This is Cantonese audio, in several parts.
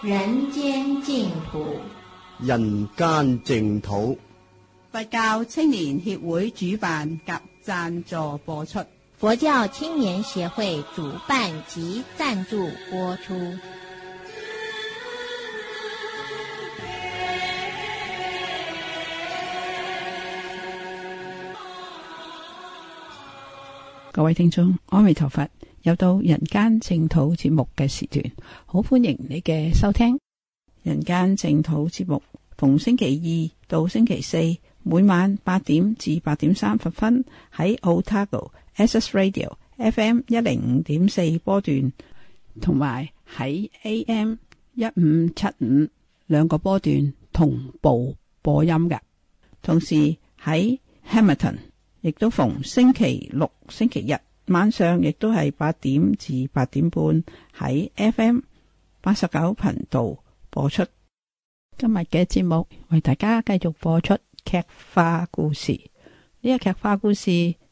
人間淨土。人間淨土。佛教青年協會主辦及贊助播出。佛教青年協會主辦及贊助播出。各位聽眾，阿彌陀佛。又到人間淨土節目嘅時段，好歡迎你嘅收聽。人間淨土節目逢星期二到星期四每晚八點至八點三十分喺 Otago SS Radio FM 一零五點四波段，同埋喺 AM 一五七五兩個波段同步播音㗎。同時喺 Hamilton 亦都逢星期六、星期日。晚上亦都係八點至八點半喺 FM 八十九頻道播出。今日嘅節目，為大家繼續播出劇化故事。呢、這個劇化故事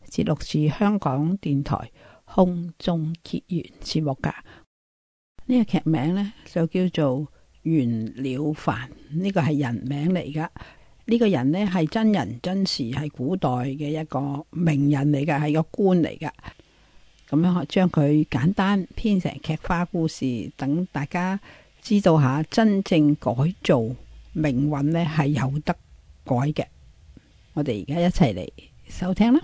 節錄自香港電台空中結緣節目噶。呢、這個劇名呢，就叫做《袁了凡》，呢、這個係人名嚟噶。呢、這個人呢，係真人真事，係古代嘅一個名人嚟噶，係個官嚟噶。咁樣可將佢簡單編成劇化故事，等大家知道下真正改造命運呢係有得改嘅。我哋而家一齊嚟收聽啦！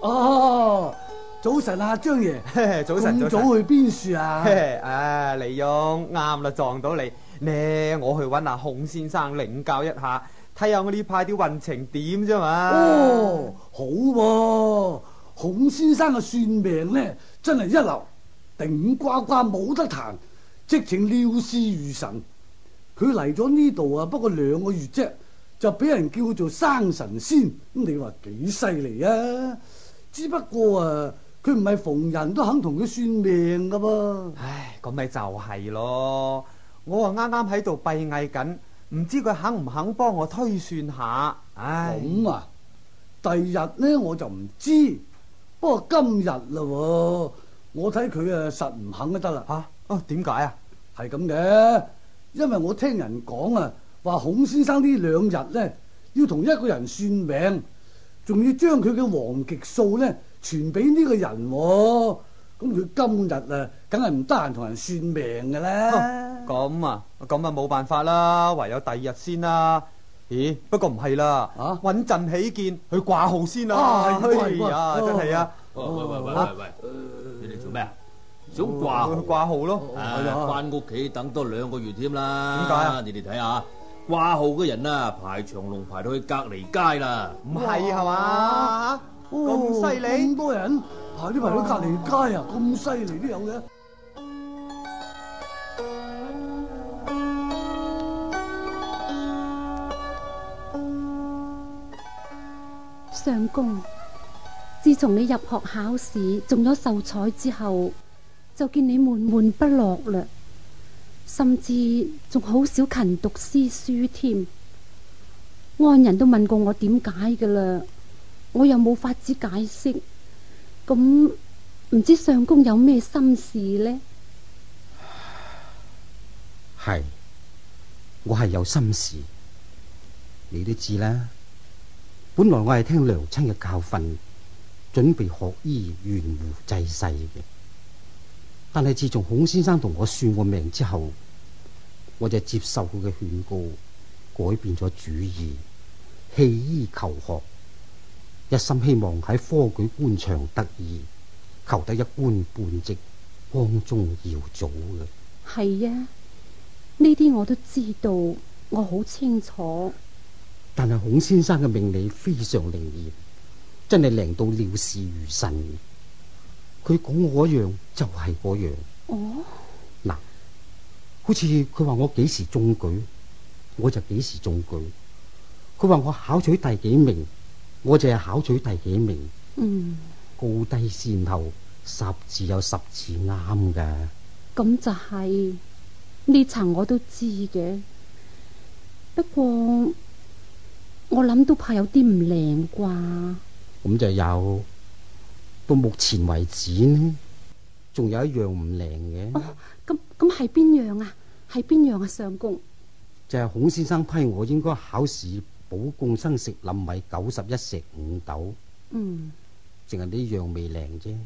哦，早晨啊，張爺，早晨，早去邊處啊？唉，李勇，啱啦，撞到你。呢，我去揾阿孔先生領教一下，睇下我呢派啲運程點啫嘛。哦，好啊，孔先生嘅算命咧，真係一流，頂呱呱冇得彈，直情料事如神。佢嚟咗呢度啊，不過兩個月啫，就俾人叫做生神仙。咁你話幾犀利啊？只不過啊，佢唔係逢人都肯同佢算命噶噃。唉，咁咪就係咯。我話啱啱喺度閉翳緊，唔知佢肯唔肯幫我推算下。咁啊，第日呢，我就唔知，不過今日嘞，我睇佢啊實唔肯都得啦。吓啊，點解啊？係咁嘅，因為我聽人講啊，話孔先生呢兩日呢，要同一個人算命，仲要將佢嘅黃極數呢傳俾呢個人。咁佢今日啊，梗係唔得閒同人算命㗎啦。咁啊，咁啊冇辦法啦，唯有第二日先啦。咦？不過唔係啦，穩陣起見，去掛號先啦。係啊，真係啊！喂喂喂喂喂，你哋做咩啊？想掛號？去掛號咯。哎呀，翻屋企等多兩個月添啦。點解啊？你哋睇下，掛號嘅人啊，排長龍排到去隔離街啦。唔係係嘛？咁犀利？咁多人？係啲朋友隔籬街啊，咁犀利都有嘅。相 公，自從你入學考試中咗秀才之後，就見你悶悶不樂嘞，甚至仲好少勤讀詩書添。安人都問過我點解㗎喇，我又冇法子解釋。咁唔、嗯、知相公有咩心事呢？係，我係有心事，你都知啦。本來我係聽娘親嘅教訓，準備學醫懸壺濟世嘅。但係自從孔先生同我算過命之後，我就接受佢嘅勸告，改變咗主意，棄醫求學。一心希望喺科舉官場得意，求得一官半職，光宗耀祖嘅。係啊，呢啲我都知道，我好清楚。但係孔先生嘅命理非常靈驗，真係靈到料事如神。佢講我一樣就係、是、嗰樣。哦，嗱，好似佢話我幾時中舉，我就幾時中舉。佢話我考取第幾名？我就係考取第幾名。嗯，高低先後，十字有十字啱㗎。咁就係呢層我都知嘅。不過我諗都怕有啲唔靚啩。咁就有到目前為止，仲有一樣唔靚嘅。哦，咁咁係邊樣啊？係邊樣啊，相公？就係孔先生批我應該考試。保共生食林米九十一石五斗，嗯，淨係呢樣未靚啫。誒、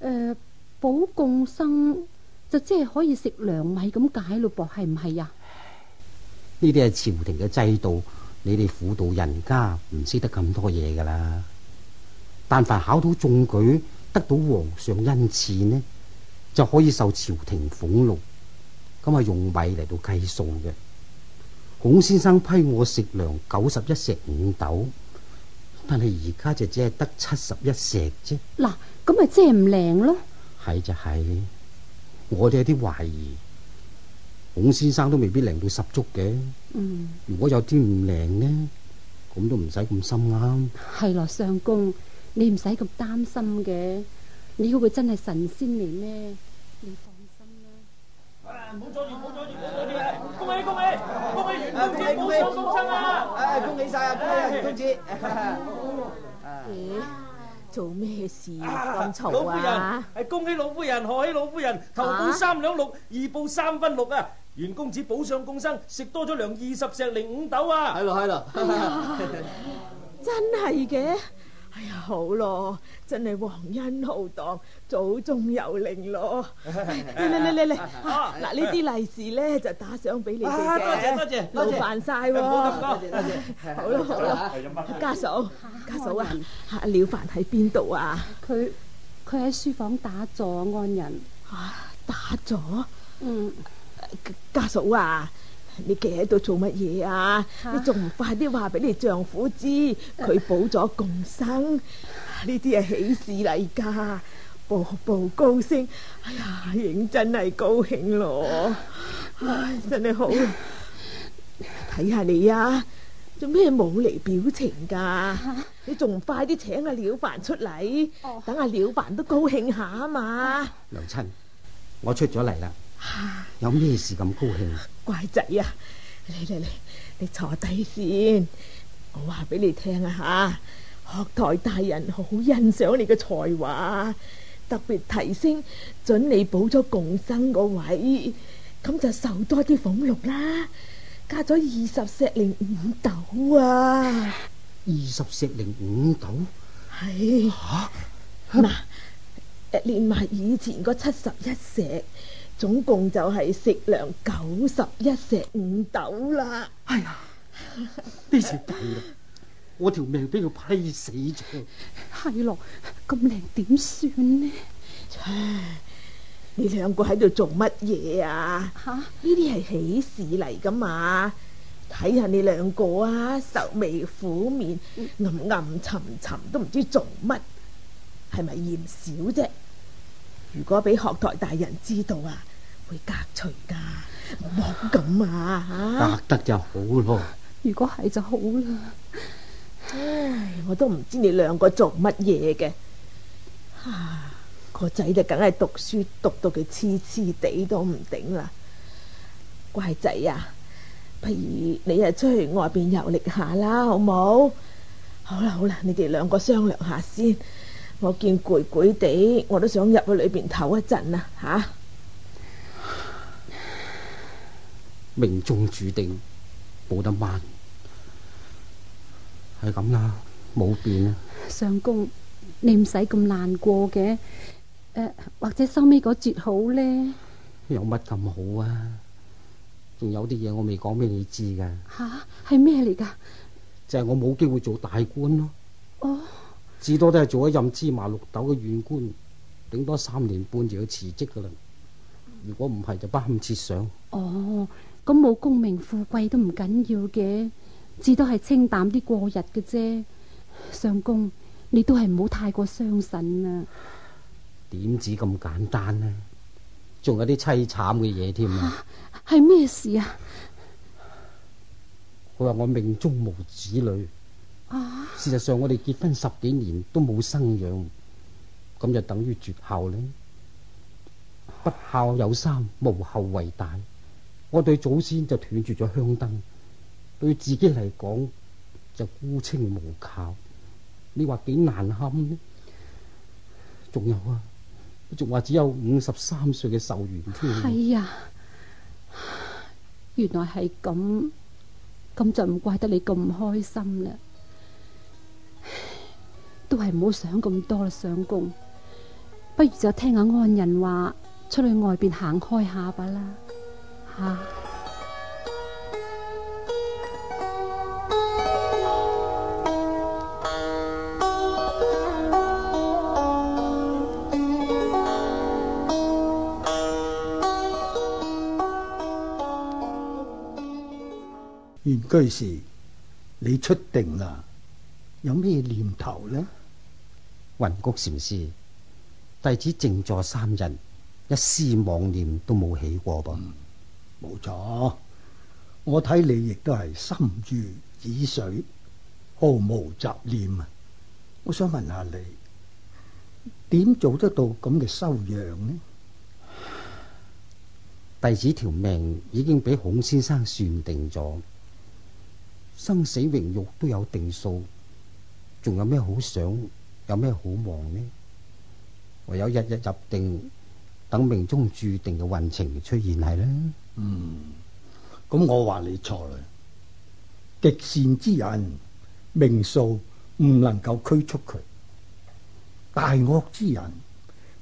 呃，保共生就即係可以食糧米咁解咯，噃，係唔係啊？呢啲係朝廷嘅制度，你哋輔導人家唔識得咁多嘢噶啦。但凡考到中舉，得到皇上恩賜呢，就可以受朝廷俸祿，咁啊用米嚟到計數嘅。孔先生批我食糧九十一石五斗，但係而家就只係得七十一石啫。嗱，咁咪即係唔靈咯？係就係，我哋有啲懷疑，孔先生都未必靈到十足嘅。嗯，如果有啲唔靈呢，咁都唔使咁心啱。係咯，相公，你唔使咁擔心嘅。你估佢真係神仙嚟咩？你放心啦。啊！唔好阻住，唔好阻住，唔好阻住啊！恭喜恭喜！恭喜恭喜！哎，恭喜曬啊！恭喜袁公子！做咩事咁嘈啊？係恭喜老夫人，賀喜老夫人，頭報三兩六，二報三分六啊！袁公子補上共生，食多咗糧二十石零五斗啊！係咯係咯，真係嘅。哎呀，好咯，真係皇恩浩蕩，祖宗有靈咯。嚟嚟嚟嚟嚟，嗱，呢啲利是咧就打上俾你哋嘅。多謝多謝，勞煩晒。唔該，多謝多謝。好啦好啦，家嫂，家嫂啊，廖凡喺邊度啊？佢佢喺書房打坐安人。吓？打坐？嗯，家嫂啊。你企喺度做乜嘢啊？你仲唔快啲話俾你丈夫知？佢補咗貢生，呢啲係喜事嚟噶，步步高升。哎呀，認真係高興咯，真係好。睇下你啊，做咩冇嚟表情噶？你仲唔快啲請阿了凡出嚟？等阿了凡都高興下啊嘛！娘親，我出咗嚟啦，有咩事咁高興？乖仔啊，嚟嚟嚟，你坐低先。我話俾你聽啊吓，學台大人好欣賞你嘅才華，特別提升，准你補咗共生個位，咁就受多啲俸祿啦，加咗二十石零五斗啊！二十石零五斗係吓，嗱，連埋以前嗰七十一石。總共就係食糧九十一石五斗啦。哎呀，呢錢大啦，我條命俾佢批死咗。係咯， 咁靚點算呢？ 你兩個喺度做乜嘢啊？吓哈，呢啲係喜事嚟噶嘛？睇下你兩個啊，愁眉苦面，暗暗沉沉都，都唔知做乜，係咪嫌少啫？如果俾學台大人知道啊！會隔除噶，唔好咁啊！隔得就好咯。如果係就好啦。唉，我都唔知你兩個做乜嘢嘅。哈，個仔就梗係讀書，讀到佢痴痴地都唔頂啦。乖仔啊，不如你啊出去外邊遊歷下啦，好唔好？好啦好啦，你哋兩個商量下先。我見攰攰地，我都想入去裏邊唞一陣啊！吓。命中注定，冇得慢，係咁啦，冇變啊。相公，你唔使咁難過嘅，誒、呃，或者收尾嗰節好咧？有乜咁好啊？仲有啲嘢我未講俾你知噶。吓、啊，係咩嚟噶？就係我冇機會做大官咯。哦。至多都係做一任芝麻綠豆嘅縣官，頂多三年半就要辭職噶啦。如果唔係，就不堪設想。哦。咁冇功名富貴都唔緊要嘅，至多係清淡啲過日嘅啫。相公，你都係唔好太過傷神啊。點止咁簡單呢？仲有啲淒慘嘅嘢添啊！係咩事啊？佢話我命中無子女啊！事實上，我哋結婚十幾年都冇生養，咁就等於絕後呢。不孝有三，無後為大。我對祖先就斷絕咗香燈，對自己嚟講就孤清無靠，你話幾難堪呢？仲有啊，仲話只有五十三歲嘅壽元添。係啊、哎，原來係咁，咁就唔怪得你咁唔開心啦。都係唔好想咁多啦，上公，不如就聽下安人話，出去外邊行開下吧啦。啊、元居士，你出定啦？有咩念頭呢？雲谷禪師，弟子靜坐三日，一絲妄念都冇起過噃。嗯冇錯，我睇你亦都係心如止水，毫無雜念啊！我想問下你，點做得到咁嘅修養呢？弟子條命已經俾孔先生算定咗，生死榮辱都有定數，仲有咩好想，有咩好望呢？唯有日日入定，等命中注定嘅運程出現係呢。嗯，咁我話你錯啦。極善之人命數唔能夠驅促佢，大惡之人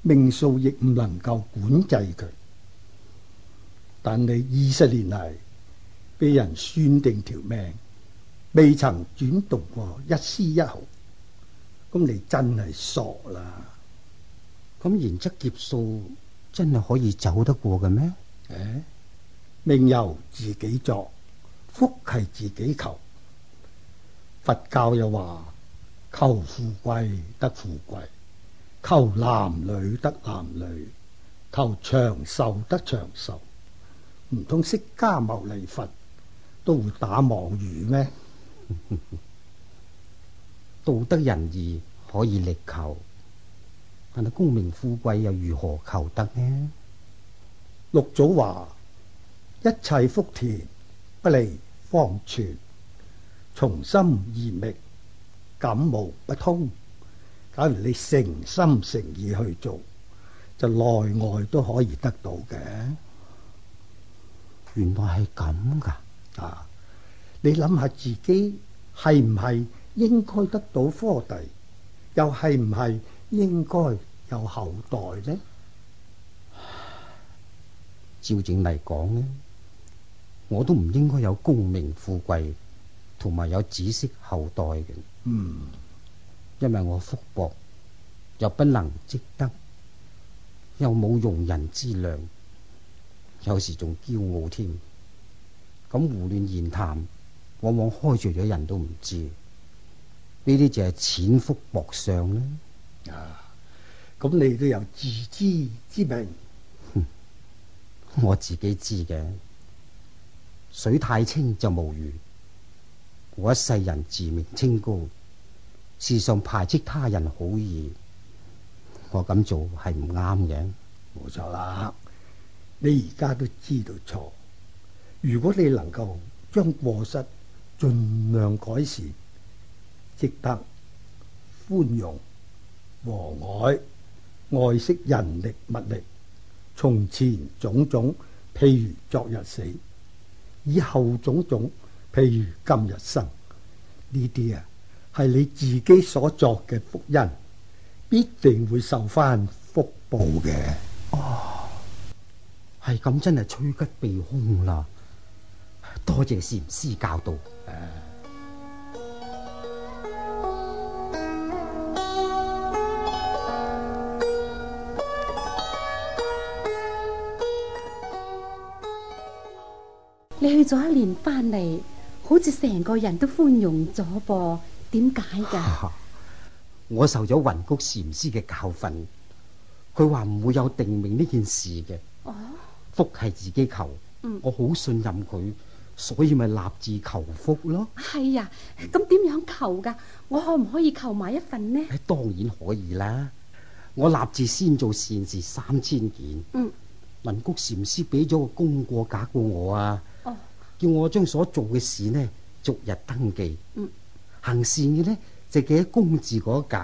命數亦唔能夠管制佢。但你二十年嚟被人算定條命，未曾轉動過一絲一毫，咁你真係傻啦。咁然則劫數真係可以走得過嘅咩？誒、哎？命由自己作，福係自己求。佛教又話：求富貴得富貴，求男女得男女，求長壽得長壽。唔通釋迦牟尼佛都會打網魚咩？ 道德仁義可以力求，但係功名富貴又如何求得呢？六祖話。一切福田不離方寸，從心而覓，感無不通。假如你誠心誠意去做，就內外都可以得到嘅。原來係咁㗎，啊！你諗下自己係唔係應該得到科第，又係唔係應該有後代呢？照正嚟講呢。我都唔應該有功名富貴，同埋有子息後代嘅。嗯，因為我福薄，又不能積德，又冇用人之量，有時仲驕傲添。咁胡亂言談，往往開除咗人都唔知。呢啲就係淺福薄相呢啊，咁你都有自知之明。 我自己知嘅。水太清就無魚。我一世人自命清高，時常排斥他人好意。我咁做係唔啱嘅，冇錯啦。你而家都知道錯，如果你能夠將過失盡量改善，值得寬容和藹，愛惜人力物力，從前種種，譬如昨日死。以後種種，譬如今日生。呢啲啊，係你自己所作嘅福因，必定會受返福報嘅。的哦，係咁真係趨吉避凶啦！多謝禪師教導。嗯你去咗一年翻嚟，好似成個人都寬容咗噃？點解噶？我受咗雲谷禪師嘅教訓，佢話唔會有定名呢件事嘅。哦，福係自己求，嗯、我好信任佢，所以咪立志求福咯。係啊，咁點樣求噶？我可唔可以求埋一份呢？當然可以啦！我立志先做善事三千件。嗯，雲谷禪師俾咗個功過格過我啊。叫我將所做嘅事呢，逐日登記。嗯、行善嘅呢，就記喺公字嗰格；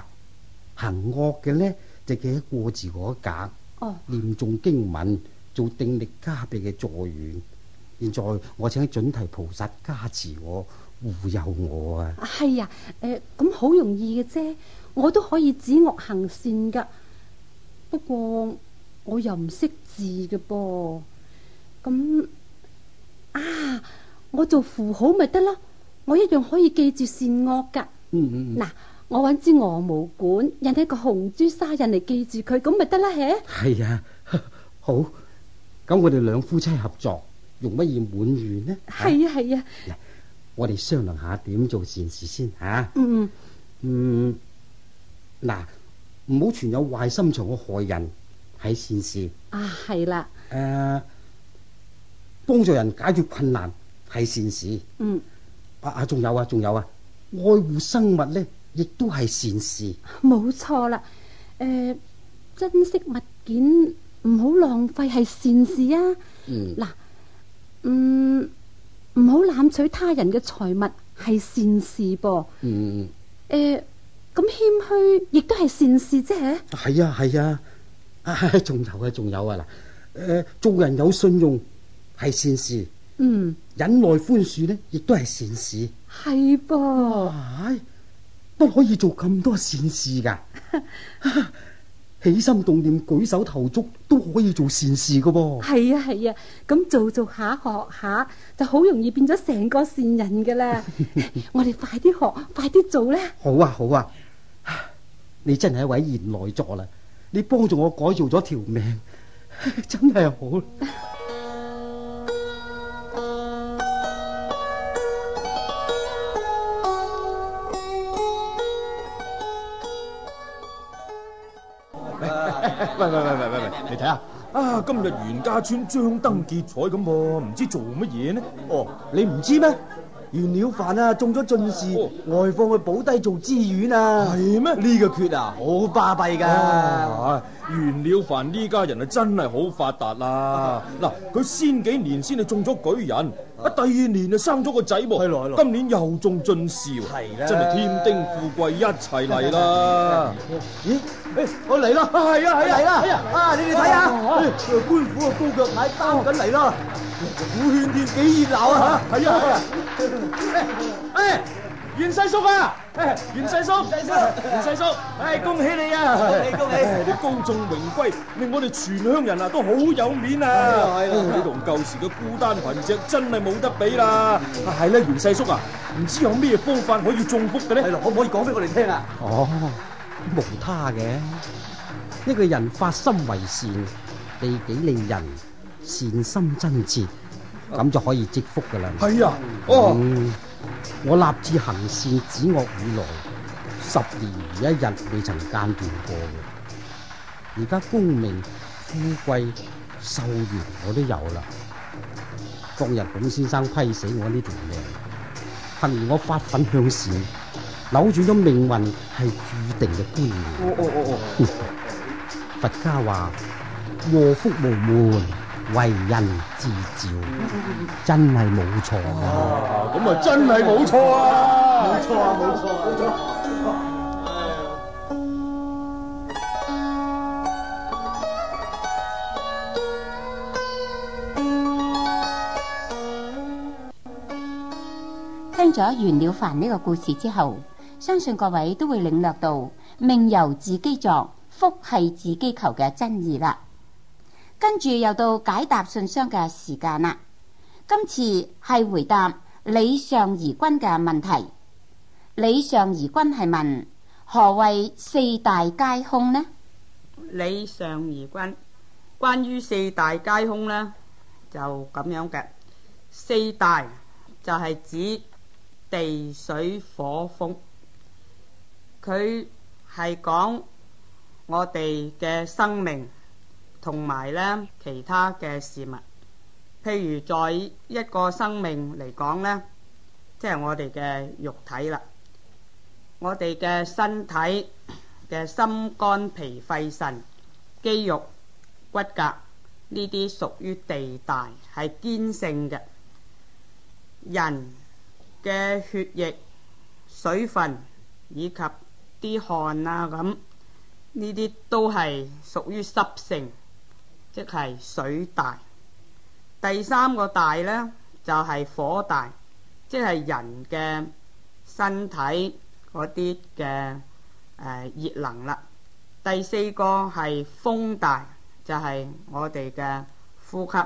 行惡嘅呢，就記喺過字嗰格。哦、念誦經文，做定力加被嘅助緣。現在我請准提菩薩加持我，護佑我啊！係啊，誒、啊，咁、呃、好容易嘅啫，我都可以止惡行善噶。不過我又唔識字嘅噃，咁。啊！我做符號咪得咯，我一樣可以記住善惡噶。嗱、嗯嗯，我搵支鵝毛管，引起個紅朱砂印嚟記住佢，咁咪得啦？係係啊，好，咁我哋兩夫妻合作，用乜嘢滿願呢？係啊係啊，啊，啊，我哋商量下點做善事先吓。嗯、啊、嗯，嗱、嗯，唔好存有壞心腸去害人喺善事。啊，係啦、啊。誒、啊。嗯啊幫助人解決困難係善事。嗯，啊啊，仲有啊，仲有啊，愛護生物呢，亦都係善事。冇錯啦。誒、呃，珍惜物件唔好浪費係善事啊。嗯。嗱，嗯，唔好攬取他人嘅財物係善事噃、啊。嗯嗯嗯。誒、呃，咁謙虛亦都係善事，啫。係啊，係啊。啊，仲有啊，仲有啊。嗱，誒，做人有信用，係善事，嗯，忍耐寬恕呢，亦都係善事，係噃，都可以做咁多善事噶，起心動念、舉手投足都可以做善事噶噃，係啊係啊，咁做做下學下，就好容易變咗成個善人噶啦，我哋快啲學，快啲做啦，好啊好啊，你真係一位賢內助啦，你幫助我改造咗條命，真係好。喂喂喂喂喂喂，你睇下啊，今日袁家村張燈結綵咁，唔知做乜嘢呢？哦，你唔知咩？袁了凡啊中咗進士，外放去保低做知縣啊？係咩？呢個缺啊好巴閉噶，袁了凡呢家人啊真係好發達啦。嗱，佢先幾年先係中咗舉人，啊第二年就生咗個仔，今年又中進士，真係添丁富貴一齊嚟啦。咦？我嚟啦！係啊，係嚟啦！啊，你哋睇下，官府啊，高腳牌擔緊嚟啦！鼓喧天，幾熱鬧啊！吓，係啊！哎，袁世叔啊，袁世叔，袁世叔，袁世叔，哎，恭喜你啊！恭喜恭喜！你高中榮歸，令我哋全鄉人啊都好有面啊！係啦，你同舊時嘅孤單影隻真係冇得比啦！啊，係啦，袁世叔啊，唔知有咩方法可以中福嘅咧？係咯，可唔可以講俾我哋聽啊？哦。無他嘅，呢個人發心為善，利己利人，善心真切，咁就可以積福噶啦。係、嗯、啊、嗯，我立志行善止惡以來，十年如一日未曾間斷過。而家功名富貴壽元我都有啦。今日董先生批死我呢條命，憑我發奮向善。扭轉咗命運係注定嘅觀念。哦哦哦哦！佛家話禍福無門，為人自召，真係冇錯。啊，咁啊真係冇錯啊！冇錯啊，冇錯。冇錯。聽咗袁了凡呢個故事之後。相信各位都會領略到命由自己作，福係自己求嘅真義啦。跟住又到解答信箱嘅時間啦。今次係回答李尚怡君嘅問題。李尚怡君係問何謂四大皆空呢？李尚怡君，關於四大皆空呢，就咁樣嘅，四大就係指地、水、火、風。佢係講我哋嘅生命同埋咧其他嘅事物，譬如在一個生命嚟講呢，即係我哋嘅肉體啦，我哋嘅身體嘅心肝脾肺腎、肌肉、骨骼呢啲屬於地大，係堅性嘅，人嘅血液、水分以及啲汗啊咁，呢啲都係屬於濕性，即係水大。第三個大呢，就係火大，即係人嘅身體嗰啲嘅誒熱能啦。第四個係風大，就係我哋嘅呼吸。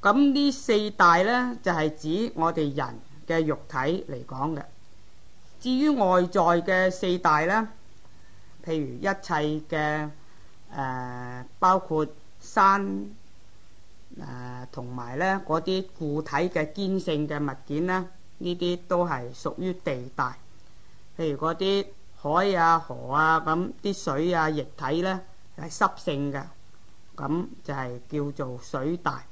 咁呢四大呢，就係指我哋人嘅肉體嚟講嘅。至於外在嘅四大咧，譬如一切嘅誒，包括山誒，同埋咧嗰啲固體嘅堅性嘅物件咧，呢啲都係屬於地大。譬如嗰啲海啊、河啊，咁啲水啊液體咧係濕性嘅，咁就係叫做水大。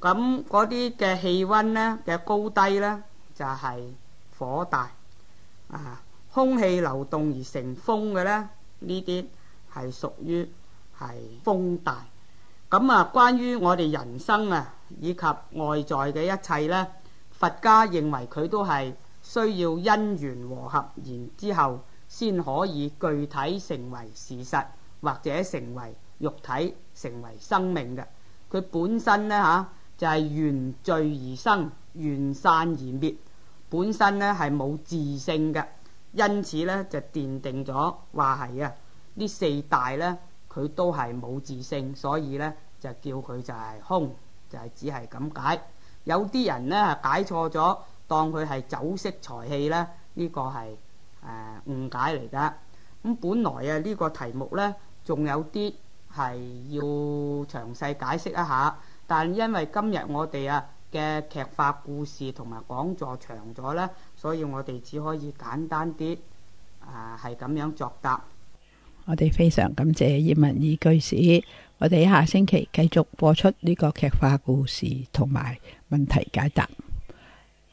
咁嗰啲嘅氣溫咧嘅高低咧就係火大。啊，空氣流動而成風嘅呢，呢啲係屬於係風大。咁啊，關於我哋人生啊，以及外在嘅一切呢，佛家認為佢都係需要因緣和合，然之後先可以具體成為事實，或者成為肉體，成為生命嘅。佢本身呢，吓、啊，就係緣聚而生，緣散而滅。本身咧係冇自性嘅，因此咧就奠定咗話係啊，呢四大咧佢都係冇自性，所以咧就叫佢就係空，就係只係咁解。有啲人咧係解錯咗，當佢係酒色財氣咧，呢個係誒誤解嚟㗎。咁本來啊呢個題目咧仲有啲係要詳細解釋一下，但因為今日我哋啊～嘅劇化故事同埋講座長咗呢，所以我哋只可以簡單啲啊，係咁樣作答。 我哋非常感謝葉文義居士，我哋下星期繼續播出呢個劇化故事同埋問題解答。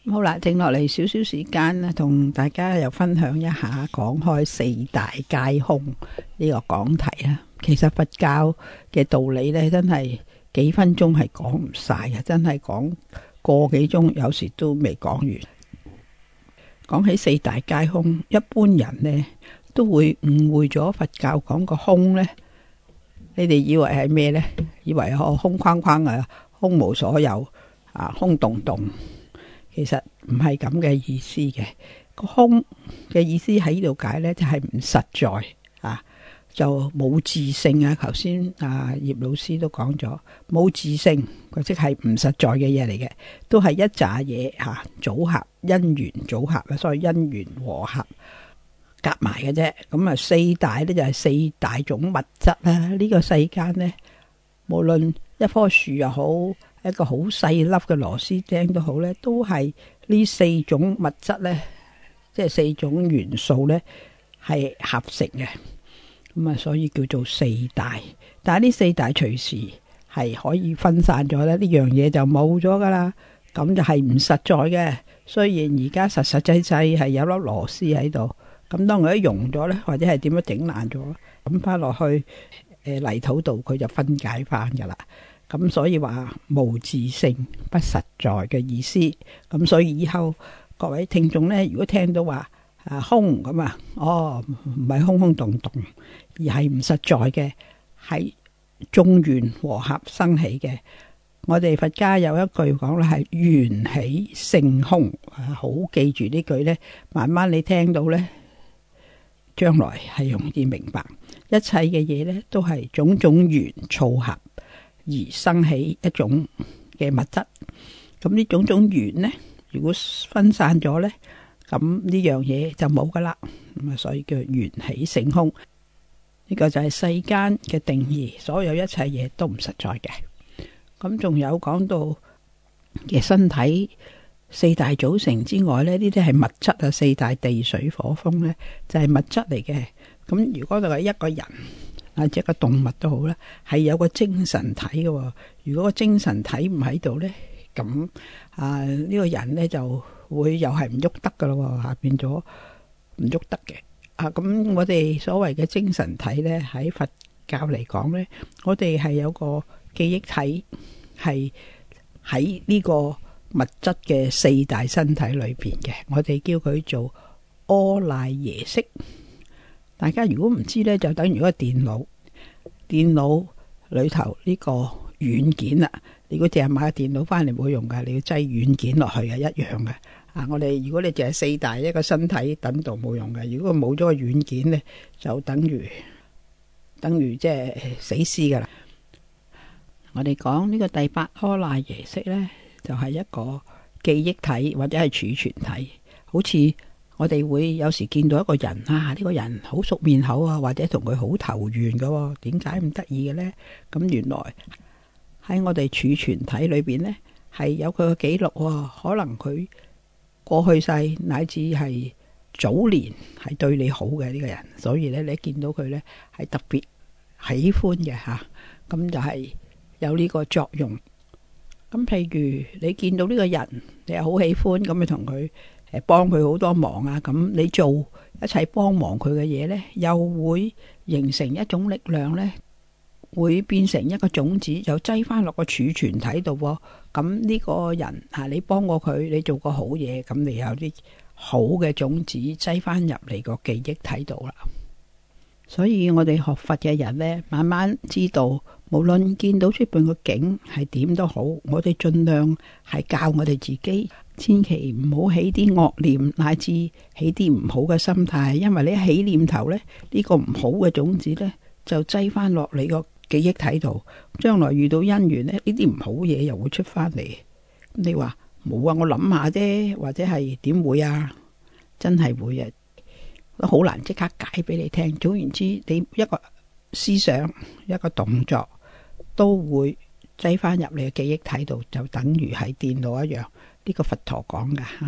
好啦，剩落嚟少少時間咧，同大家又分享一下講開四大皆空呢個講題啊。其實佛教嘅道理呢，真係～幾分鐘係講唔晒嘅，真係講個幾鐘，有時都未講完。講起四大皆空，一般人呢都會誤會咗佛教講個空呢。你哋以為係咩呢？以為哦，空框框啊，空無所有啊，空洞洞。其實唔係咁嘅意思嘅，個空嘅意思喺呢度解呢，就係、是、唔實在。就冇自性啊！頭先啊葉老師都講咗冇自性，即係唔實在嘅嘢嚟嘅，都係一紮嘢嚇組合，因緣組合啊，所以因緣和合夾埋嘅啫。咁啊，四大呢，就係四大種物質啦。呢個世間呢，無論一棵樹又好，一個好細粒嘅螺絲釘都好呢，都係呢四種物質呢，即係四種元素呢，係合成嘅。咁啊、嗯，所以叫做四大，但係呢四大隨時係可以分散咗咧，呢樣嘢就冇咗噶啦，咁就係唔實在嘅。雖然而家實實際際係有粒螺絲喺度，咁當佢一溶咗咧，或者係點樣整爛咗，咁翻落去誒、呃、泥土度，佢就分解翻噶啦。咁所以話無自性不實在嘅意思。咁所以以後各位聽眾呢，如果聽到話，啊空咁啊，哦唔係空空洞洞，而係唔實在嘅，係眾緣和合生起嘅。我哋佛家有一句講咧，係緣起性空，好記住呢句咧，慢慢你聽到咧，將來係容易明白。一切嘅嘢咧，都係種種緣湊合而生起一種嘅物質。咁呢種種緣咧，如果分散咗咧？咁呢樣嘢就冇噶啦，咁啊所以叫緣起性空，呢個就係世間嘅定義，所有一切嘢都唔實在嘅。咁仲有講到嘅身體四大組成之外咧，呢啲係物質啊，四大地水火風咧就係物質嚟嘅。咁如果係一個人或者一個動物都好啦，係有個精神體嘅。如果個精神體唔喺度咧，咁啊呢個人咧就。會又係唔喐得噶咯，下變咗唔喐得嘅啊。咁我哋所謂嘅精神體咧，喺佛教嚟講咧，我哋係有個記憶體係喺呢個物質嘅四大身體裏邊嘅。我哋叫佢做阿賴耶識。大家如果唔知咧，就等於嗰個電腦，電腦裏頭呢個軟件呀。你估凈係買個電腦翻嚟，冇用噶，你要擠軟件落去啊，一樣嘅。啊！我哋如果你淨係四大一個身體，等到冇用嘅。如果冇咗個軟件呢，就等於等於即係死屍噶啦。我哋講呢個第八顆賴耶識呢，就係、是、一個記憶體或者係儲存體。好似我哋會有時見到一個人啊，呢、這個人好熟面口啊，或者同佢好投緣噶、哦。點解咁得意嘅呢？咁原來喺我哋儲存體裏邊呢，係有佢嘅記錄、哦，可能佢。過去世乃至係早年係對你好嘅呢個人，所以咧你見到佢咧係特別喜歡嘅吓，咁、啊、就係有呢個作用。咁譬如你見到呢個人，你又好喜歡，咁咪同佢誒幫佢好多忙啊！咁你做一齊幫忙佢嘅嘢呢，又會形成一種力量呢。會變成一個種子，就擠翻落個儲存體度。咁呢個人吓，你幫過佢，你做過好嘢，咁你有啲好嘅種子擠翻入嚟個記憶體度啦。所以我哋學佛嘅人呢，慢慢知道，無論見到出邊個境係點都好，我哋盡量係教我哋自己，千祈唔好起啲惡念，乃至起啲唔好嘅心態。因為你起念頭呢，呢、呢個唔好嘅種子呢，就擠翻落你個。記憶喺度，將來遇到姻緣咧，呢啲唔好嘢又會出翻嚟。你話冇啊？我諗下啫，或者係點會啊？真係會啊！都好難即刻解俾你聽。總言之，你一個思想、一個動作都會擠翻入你嘅記憶體度，就等於係電腦一樣。呢、呢個佛陀講噶吓，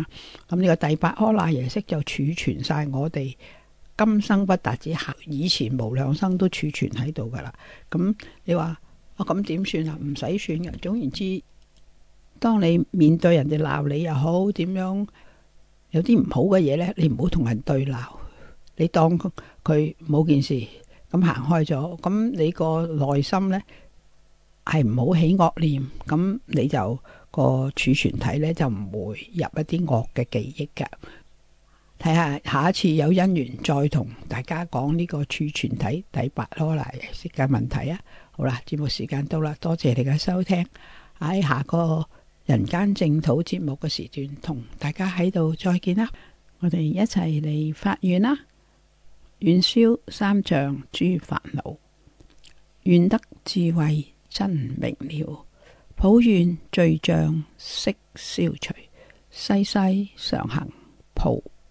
咁呢個第八阿賴耶識就儲存晒我哋。今生不達止，行，以前無量生都儲存喺度噶啦。咁你話，啊咁點算啊？唔使算嘅。總言之，當你面對人哋鬧你又好，點樣有啲唔好嘅嘢咧，你唔好同人對鬧。你當佢冇件事，咁行開咗，咁你個內心咧係唔好起惡念，咁你就個儲存體咧就唔會入一啲惡嘅記憶嘅。睇下下一次有姻緣再同大家講呢個儲存體第八囉。嚟，時間問題啊，好啦，節目時間到啦，多謝你嘅收聽。喺、哎、下個人間淨土節目嘅時段同大家喺度再見啦。我哋一齊嚟發願啦，願消三障諸煩惱，願得智慧真明了，普願罪障悉消除，世世常行菩